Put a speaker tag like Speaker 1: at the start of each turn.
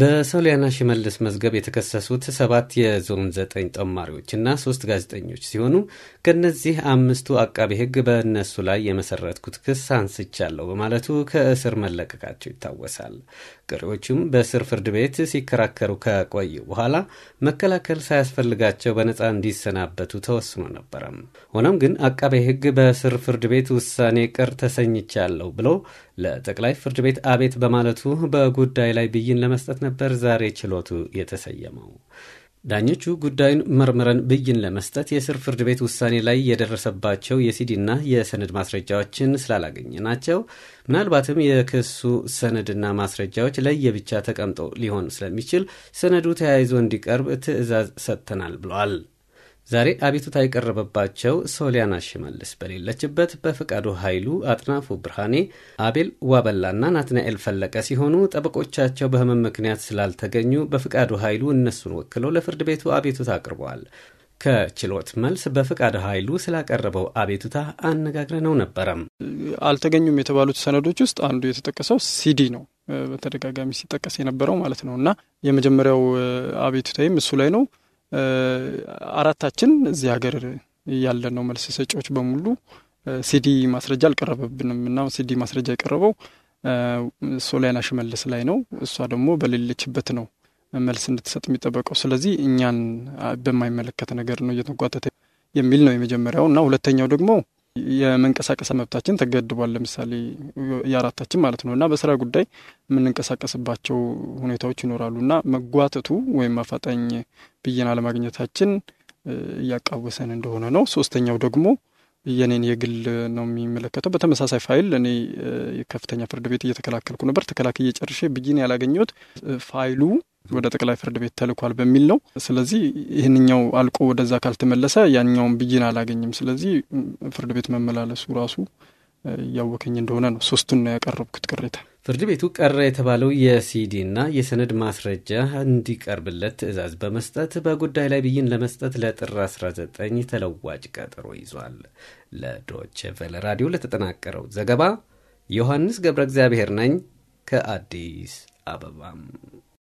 Speaker 1: በሰውሊያና ሽመልስ መዝገብ የተከሰሱት ሰባት የዞን ዘጠኝ ጦማሪዎችና ሶስት ጋዜጠኞች ሲሆኑ ከእነዚህ አምስቱ አቃቤ ሕግ በእነሱ ላይ የመሰረትኩት ክስ አንስቻለሁ በማለቱ ከእስር መለቀቃቸው ይታወሳል። ቅሪዎቹም በእስር ፍርድ ቤት ሲከራከሩ ከቆዩ በኋላ መከላከል ሳያስፈልጋቸው በነፃ እንዲሰናበቱ ተወስኖ ነበረም። ሆኖም ግን አቃቤ ሕግ በእስር ፍርድ ቤት ውሳኔ ቅር ተሰኝቻለሁ ብሎ ለጠቅላይ ፍርድ ቤት አቤት በማለቱ በጉዳይ ላይ ብይን ለመስጠት ነበር ዛሬ ችሎቱ የተሰየመው። ዳኞቹ ጉዳዩን መርምረን ብይን ለመስጠት የስር ፍርድ ቤት ውሳኔ ላይ የደረሰባቸው የሲዲና የሰነድ ማስረጃዎችን ስላላገኘ ናቸው። ምናልባትም የክሱ ሰነድና ማስረጃዎች ለየብቻ ተቀምጦ ሊሆን ስለሚችል ሰነዱ ተያይዞ እንዲቀርብ ትዕዛዝ ሰጥተናል ብለዋል። ዛሬ አቤቱታ የቀረበባቸው ሶሊያና ሽመልስ በሌለችበት በፍቃዱ ኃይሉ፣ አጥናፉ ብርሃኔ፣ አቤል ዋበላና ናትናኤል ፈለቀ ሲሆኑ ጠበቆቻቸው በህመም ምክንያት ስላልተገኙ በፍቃዱ ኃይሉ እነሱን ወክሎ ለፍርድ ቤቱ አቤቱታ አቅርበዋል።
Speaker 2: ከችሎት መልስ በፍቃድ ኃይሉ ስላቀረበው አቤቱታ ነው ነበረም። አልተገኙም የተባሉት ሰነዶች ውስጥ አንዱ የተጠቀሰው ሲዲ ነው። በተደጋጋሚ ሲጠቀስ የነበረው ማለት ነው እና የመጀመሪያው አቤቱታይም እሱ ላይ ነው። አራታችን እዚህ ሀገር ያለ ነው መልስ ሰጪዎች በሙሉ ሲዲ ማስረጃ አልቀረበብንም እና ሲዲ ማስረጃ የቀረበው ሶሊያና ሽመልስ ላይ ነው። እሷ ደግሞ በሌለችበት ነው መልስ እንድትሰጥ የሚጠበቀው። ስለዚህ እኛን በማይመለከት ነገር ነው እየተጓተተ የሚል ነው የመጀመሪያው እና ሁለተኛው ደግሞ የመንቀሳቀስ መብታችን ተገድቧል። ለምሳሌ የአራታችን ማለት ነው እና በስራ ጉዳይ የምንንቀሳቀስባቸው ሁኔታዎች ይኖራሉ እና መጓተቱ ወይም አፋጣኝ ብይን አለማግኘታችን እያቃወሰን እንደሆነ ነው። ሶስተኛው ደግሞ የኔን የግል ነው የሚመለከተው። በተመሳሳይ ፋይል እኔ ከፍተኛ ፍርድ ቤት እየተከላከልኩ ነበር። ተከላክዬ ጨርሼ ብይን ያላገኘሁት ፋይሉ ወደ ጠቅላይ ፍርድ ቤት ተልኳል በሚል ነው። ስለዚህ ይህንኛው አልቆ ወደዛ ካልተመለሰ ያኛውን ብይን አላገኝም። ስለዚህ ፍርድ ቤት መመላለሱ ራሱ እያወከኝ እንደሆነ ነው ሶስቱን ነው ያቀረብኩት ቅሬታ። ፍርድ ቤቱ ቀረ የተባለው
Speaker 1: የሲዲና የሰነድ ማስረጃ እንዲቀርብለት ትዕዛዝ በመስጠት በጉዳይ ላይ ብይን ለመስጠት ለጥር 19 ተለዋጭ ቀጠሮ ይዟል። ለዶቼ ቬለ ራዲዮ ለተጠናቀረው ዘገባ ዮሐንስ ገብረ እግዚአብሔር ነኝ ከአዲስ አበባም